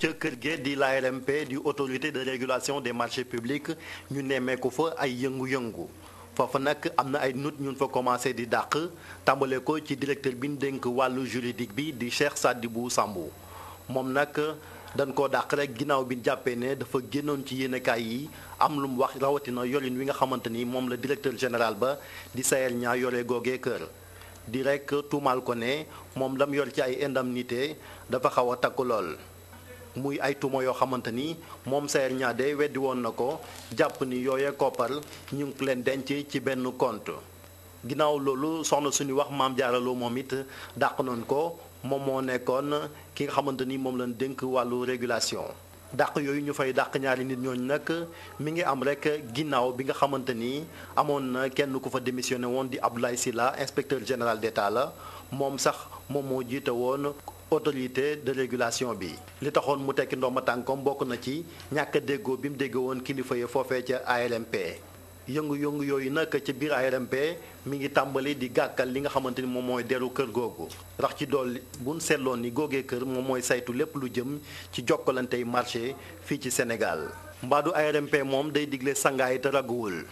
ca kër gee di l'ARMP di autorité de régulation des marchés publics ñu nemmeeku fa ay yëngu-yëngu foofu nag amna na ay nit ñun fa commencé di dàq tàmbale ko ci directeur bin ñu dénk juridique bi di Cheikh Sadibou Sambou moom nag dañ koo dàq rek ginnaaw bi jàppee ne dafa génnoon ci yéenekaay yi am lu mu wax rawatina yorin wi nga xamante mom la directeur général ba di Sayer ñaa yore googee kër di rek tuumaal ko ne moom lam yor ci ay indemnité dafa xaw a takku lool muy ay tuuma yoo xamante ni moom Sayer Niadé weddi woon na ko jàpp ni yooyee koppar ñu ngi leen denc ci benn compte ginnaaw loolu soxna suñu wax maam jaaraloo moom it dàq nañ ko moom moo nekkoon ki nga xamante ni moom lañ dénk wàllu régulation dàq yooyu ñu fay dàq ñaari nit ñooñu nag mi ngi am rek ginnaaw bi nga xamante ni amoon na kenn ku fa démissionné woon di ab Abdoulaye Sylla inspecteur général d'État la moom sax moom moo jiite woon autorité de régulation bi li taxoon mu tekki ndomba tànkoom bokk na ci ñàkk a déggoo bi mu déggoo woon kilifa yi foofee ca ARMP yëngu-yëngu yooyu nag ca biir ARMP mi ngi tàmbali di gàkkal li nga xamante ni moom mooy deru kër googu rax ci dool buñ seetloon ni googee kër moom mooy saytu lépp lu jëm ci jokkalantey marché fii ci Sénégal mbaadu ARMP moom day digle sangaay te raguwul